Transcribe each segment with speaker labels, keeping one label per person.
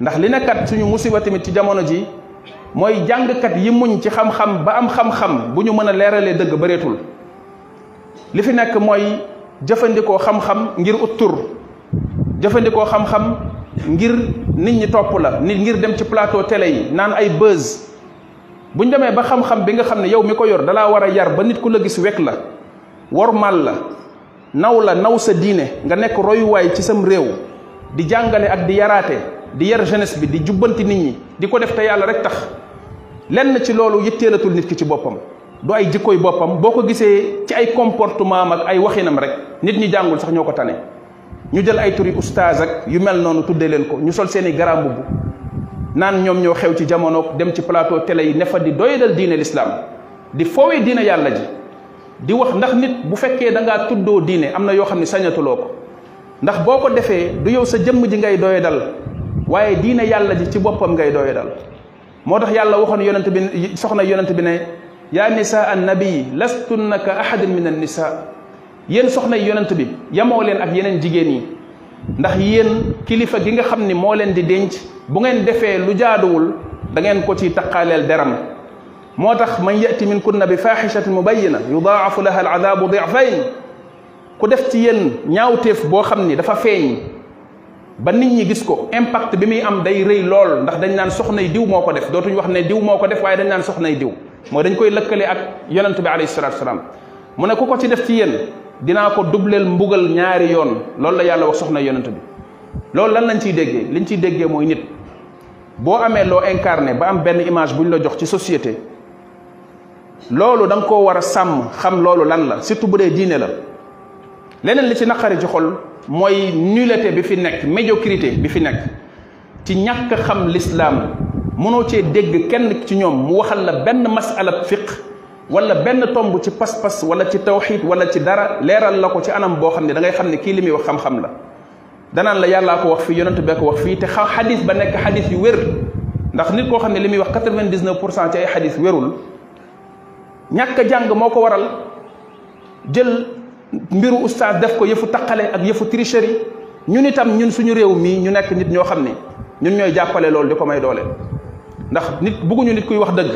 Speaker 1: ndax li nekkat suñu musiba ci jamono ji mooy jàngkat yi muñ ci xam-xam ba am xam-xam bu ñu mën a leeralee dëgg bëreetul li fi nekk mooy jëfandikoo xam-xam ngir ut tur jëfandikoo xam-xam ngir nit ñi topp la nit ngir dem ci plateau tele yi naan ay buzz bu ñu demee ba xam-xam bi nga xam ne yow mi ko yor dalaa war a yar ba nit ku la gis wekk la wormal la naw la naw sa diine nga nekk royuwaay ci sam réew di jàngale ak di yaraate di yar jeunesse bi di jubbante nit ñi di ko def te yàlla rek tax lenn ci loolu yëtteelatul nit ki ci boppam du ay jikkoy boppam boo ko gisee ci ay comportement ak ay waxinam rek nit ñi jàngul sax ñoo ko tane ñu jël ay turi oustaz ak yu mel noonu tuddee leen ko ñu sol seen i garaam mbubb naan ñoom ñoo xew ci jamono dem ci plateau télé yi nefa fa di doyadal diine lislaam di foowee diine yàlla ji di wax ndax nit bu fekkee da ngaa tuddoo diine am na yoo xam ne sañatuloo ko ndax boo ko defee du yow sa jëmm ji ngay doyadal waaye diine yàlla ji ci boppam ngay doyadal moo tax yàlla waxoon yonent bi soxna yonent bi ne yaa nisaa an nabii lastunna ka ahadin min an nisaa yéen soxna yonent bi yamoo leen ak yeneen jigéen yi ndax yéen kilifa gi nga xam ni moo leen di denc bu ngeen defee lu jaaduwul dangeen ko ci taqaaleel deram moo tax man yati min kunna bi faaxishatin mubayina yudaafu laha al adaabu difayn ku def ci yéen ñaawteef boo xam ni dafa feeñ ba nit ñi gis ko impact bi muy am day rëy lool ndax dañ naan soxnay diw moo ko def dootuñ wax ne diw moo ko def waaye dañ naan soxnay diw mooy dañ koy lëkkale ak yonent bi alayhi salaatu salaam mu ne ku ko ci def ci yéen dinaa ko dubleel mbugal ñaari yoon loolu la yàlla wax soxna yonent bi loolu lan lañ ciy déggee liñ ciy déggee mooy nit boo amee loo incarné ba am benn image bu ñu la jox ci société loolu danga nga koo war a sàmm xam loolu lan la surtout bu dee diine la leneen li ci naqari ci xol moy nulité bi fi nek médiocrité bi fi nek ci ñak xam l'islam mëno ci dégg kenn ci ñom mu waxal la ben masala fiqh wala ben tomb ci pass pass wala ci tawhid wala ci dara léral lako ci anam bo xamni da ngay xamni ki limi wax xam-xam la da nan la yalla ko wax fi yonent be ko wax fi te xa xadis ba nek hadith yu wér ndax nit ko xamni limi wax 99 ci ay hadith wérul ñak jàng moko waral jël mbiru oustaz def ko yëfu taqale ak yëfu tricherie ñun itam ñun suñu réew mii ñu nekk nit ñoo xam ni ñun ñooy jàppale loolu di ko may doole ndax nit bugguñu nit kuy wax dëgg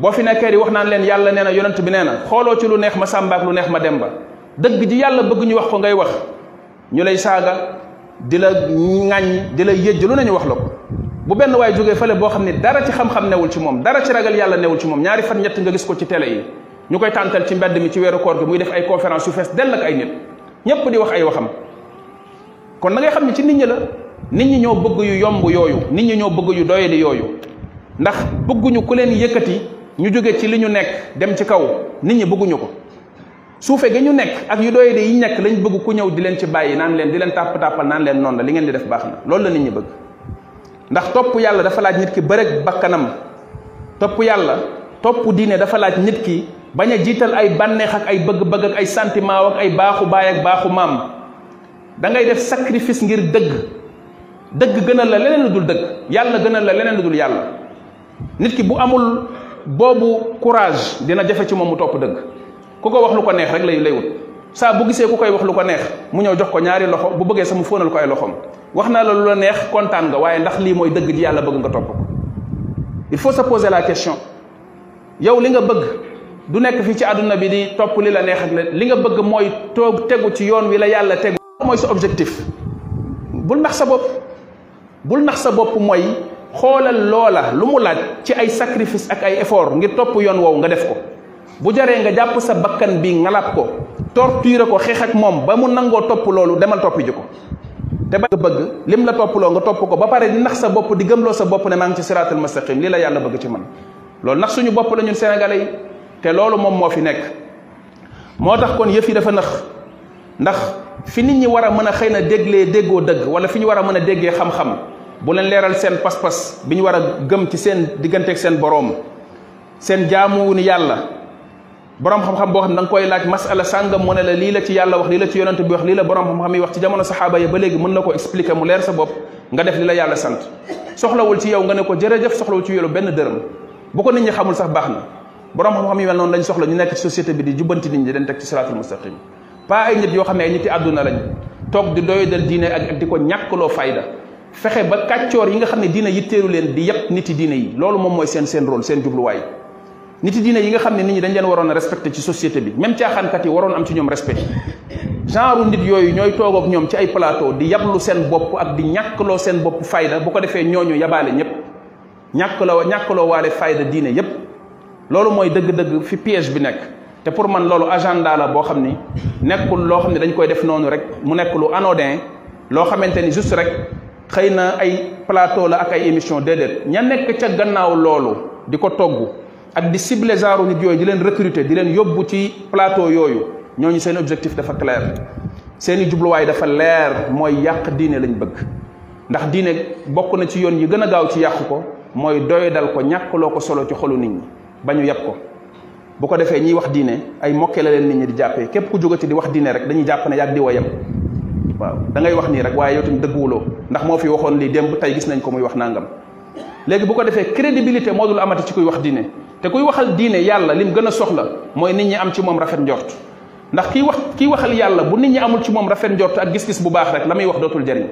Speaker 1: boo fi nekkee di wax naan leen yàlla nee na yonent bi nee na xooloo ci lu neex ma sàmbaak lu neex ma dem ba dëgg ji yàlla bëgg ñu wax ko ngay wax ñu lay saaga di la ŋàññ di la yëjj lu nañu wax la ko bu benn waay jógee fële boo xam ne dara ci xam-xam newul ci moom dara ci ragal yàlla newul ci moom ñaari fan ñett nga gis ko ci télé yi ñu koy tàntal ci mbedd mi ci weeru koor gi muy def ay conférence yu fees dell ak ay nit ñépp di wax ay waxam kon na ngay xam ne ci nit ñi la nit ñi ñoo bëgg yu yomb yooyu nit ñi ñoo bëgg yu doyadi yooyu ndax bëgguñu ku leen yëkkati ñu jóge ci li ñu nekk dem ci kaw nit ñi bëgguñu ko suufe ga ñu nekk ak yu doyadi yi nekk lañ bëgg ku ñëw di leen ci bàyyi naan leen di leen tàpp tàppal naan leen noonu la li ngeen di def baax na loolu la nit ñi bëgg ndax topp yàlla dafa laaj nit ki bëreg bakkanam topp yàlla topp diine dafa laaj nit ki bañ a jiital ay bànneex ak ay bëgg-bëgg ak ay sentiment ak ay baaxu baay ak baaxu maam da ngay def sacrifice ngir dëgg dëgg gënal la leneen lu dul dëgg yàlla gënal la leneen lu dul yàlla nit ki bu amul boobu courage dina jafe ci moom mu topp dëgg ku ko wax lu ko neex rek lay lay wut saa gisee ku koy wax lu ko neex mu ñëw jox ko ñaari loxo bu bëggee sax mu fóonal ko ay loxoom wax naa la lu la neex kontaan nga waaye ndax lii mooy dëgg ji yàlla bëgg nga topp il faut se poser la question yow li nga bëgg. du nekk fii ci àdduna bi di topp li la neex ak la li nga bëgg mooy toog tegu ci yoon wi la yàlla tegu mooy sa objectif bul nax sa bopp bul nax sa bopp mooy xoolal loola lu mu laaj ci ay sacrifice ak ay effort ngir topp yoon woowu nga def ko bu jaree nga jàpp sa bakkan bi nga ngalaab ko torturer ko xeex ak moom ba mu nangoo topp loolu demal toppi ji ko te ba nga bëgg lim la topploo nga topp ko ba pare di nax sa bopp di loo sa bopp ne maa ngi ci siraatal mustaqim lii la yàlla bëgg ci man te loolu moom moo fi nekk moo tax kon yëf yi dafa nax ndax fi nit ñi war a mën a xëy na déglee déggoo dëgg wala fi ñu war a mën a déggee xam-xam bu leen leeral seen pas-pas bi ñu war a gëm ci seen digganteeg seen boroom seen jaamuwu ni yàlla borom xam-xam boo xam da nga koy laaj masala sàngam mu ne la lii la ci yàlla wax lii la ci yonent bi wax lii la borom xam-xam yi wax ci jamono saxaaba ya ba léegi mën na ko expliquer mu leer sa bopp nga def li la yàlla sant soxlawul ci yow nga ne ko jërëjëf soxlawul ci yow benn dërëm bu ko nit ñi xamul sax baax na borom xam-xam yi mel noonu lañ soxla ñu nekk ci société bi di jubbanti nit ñi leen teg ci siraatul mustaqim pas ay nit yoo xam di doyadal ak di ko ñàkkloo fayda fexe ba kàccoor yi nga xam ne diine yitteelu leen di yëpp nit yi diine yi loolu moom mooy seen seen seen jubluwaay nit yi diine yi nga xam ne nit ñi dañ leen waroon respecté ci société bi même caaxaankat yi waroon am ci ñoom respect genre nit yooyu ñooy toog ak ñoom ci ay plateau di yablu seen bopp ak di ñàkkloo seen bopp fayda bu ko defee ñooñu yabaale ñëpp ñàkkloo ñàkkloo waale fayda diine yëpp loolu mooy dëgg-dëgg fi piège bi nekk te pour man loolu agenda la boo xam ni nekkul loo xam ne dañ koy def noonu rek mu nekk lu anodin loo xamante ni juste rek xëy na ay plateau la ak ay émission déedéet ña nekk gannaaw loolu di ko togg ak di cibler genre nit di leen recruter di leen yóbbu ci plateau yooyu ñooñu seen objectif dafa clair seen i jubluwaay dafa leer mooy yàq diine lañ bëgg ndax diine bokk na ci yoon yi gën a gaaw ci yàq ko mooy doy dal ko ñàkkloo ko solo ci xolu nit ñi ba ñu yab ko bu ko defee ñiy wax diine ay mokkee la leen nit ñi di jàppee képp ku jógati di wax diine rek dañuy jàpp ne yàgg di wa yam waaw dangay ngay wax nii rek waaye yow tamit dëgguwuloo ndax moo fi waxoon lii dem démb tey gis nañ ko muy wax nangam léegi bu ko defee crédibilité moo dul amati ci kuy wax diine te kuy waxal diine yàlla li mu gën a soxla mooy nit ñi am ci moom rafet njort ndax kiy wax kii waxal yàlla bu nit ñi amul ci moom rafet njort ak gis bu baax rek la muy dootul jariñ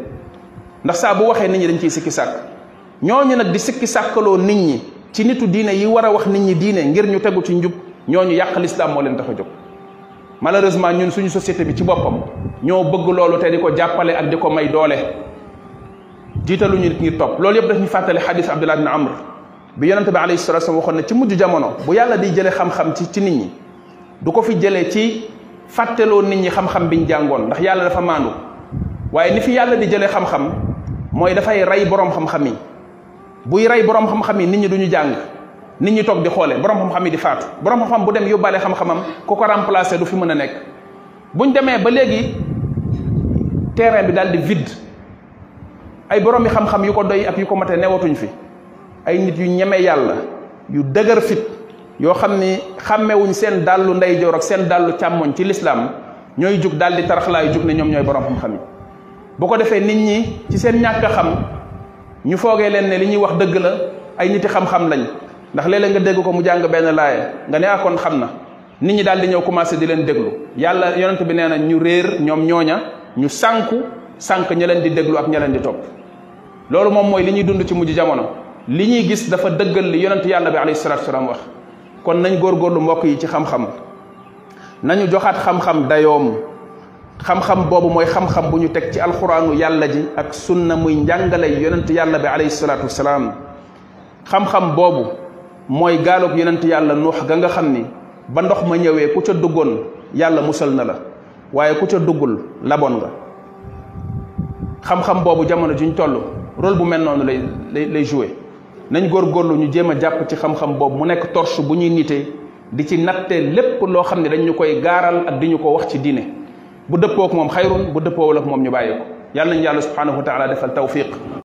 Speaker 1: ndax saa bu waxee nit ñi dañ ciy sikki sàkk ñooñu nag di sikki sàkkaloo nit ñi ci nitu diine yi war a wax nit ñi diine ngir ñu tegu ci njub ñooñu yàq lislaam moo leen dafa a jóg malheureusement ñun suñu société bi ci boppam ñoo bëgg loolu te di ko jàppale ak di ko may doole jiitaluñu nit ngir topp loolu yëpp daf ñu fàttali xadis abdullah bin amr bi yonente bi alayhi salatu wasallam waxoon ne ci mujj jamono bu yàlla di jele xam xam-xam ci ci nit ñi du ko fi jële ci fàtteloo nit ñi xam-xam biñ jàngoon ndax yàlla dafa maandu waaye ni fi yàlla di jele xam xam-xam mooy dafay rey borom xam-xam yi buy rey borom xam-xam yi nit ñi duñu jàng nit ñi toog di xoole borom xam-xam yi di faatu borom xam-xam bu dem yóbbaale xam-xamam ku ko remplacer du fi mën a nekk buñ demee ba léegi terrain bi daal di vide ay borom yi xam-xam yu ko doy ak yu ko matee newatuñ fi ay nit yu ñeme yàlla yu dëgër fit yoo xam ni xàmmewuñ seen dàllu ndeyjoor ak seen dàllu càmmoñ ci lislaam ñooy jug daal di taraxlaay jug ne ñoom ñooy borom xam-xam yi bu ko defee nit ñi ci seen ñàkk xam. ñu foogee leen ne li ñuy wax dëgg la ay niti xam-xam lañ ndax léeg nga dégg ko mu jàng benn laaya nga ne ah, kon xam na ni ñu daal di ñëw commencé di leen déglu yàlla yonent bi nee na ñu réer ñoom ñooña ñu sànku sànk ña leen di déglu ak ña leen di topp loolu moom mooy li ñuy dund ci mujj jamono li ñuy gis dafa dëggal li yonent yàlla bi alayhi salaatu salaam wax kon nañu góor góorgóorlu mbokk yi ci xam-xam nañu joxaat xam-xam dayoom xam-xam boobu mooy xam-xam bu ñu teg ci alxuraanu yàlla ji ak sunna muy njàngale yonent yàlla bi alayhi salaatu wasalaam xam-xam boobu mooy gaalub yonent yàlla nuux ga nga xam ni ba ndox ma ñëwee ku ca duggoon yàlla musal na la waaye ku ca duggul laboon nga xam-xam boobu jamono juñ toll rôle bu mel noonu lay lay lay joué góor góorgóorlu ñu jéem a jàpp ci xam-xam boobu mu nekk torche bu ñuy nite di ci natte lépp loo xam ne dañ ñu koy gaaral ak di ko wax ci diine bu dëppoo ak moom xayrun bu dëppoowul ak moom ñu bàyyi ko yàlla nañu yàlla subhanahu wa taala defal tawfiq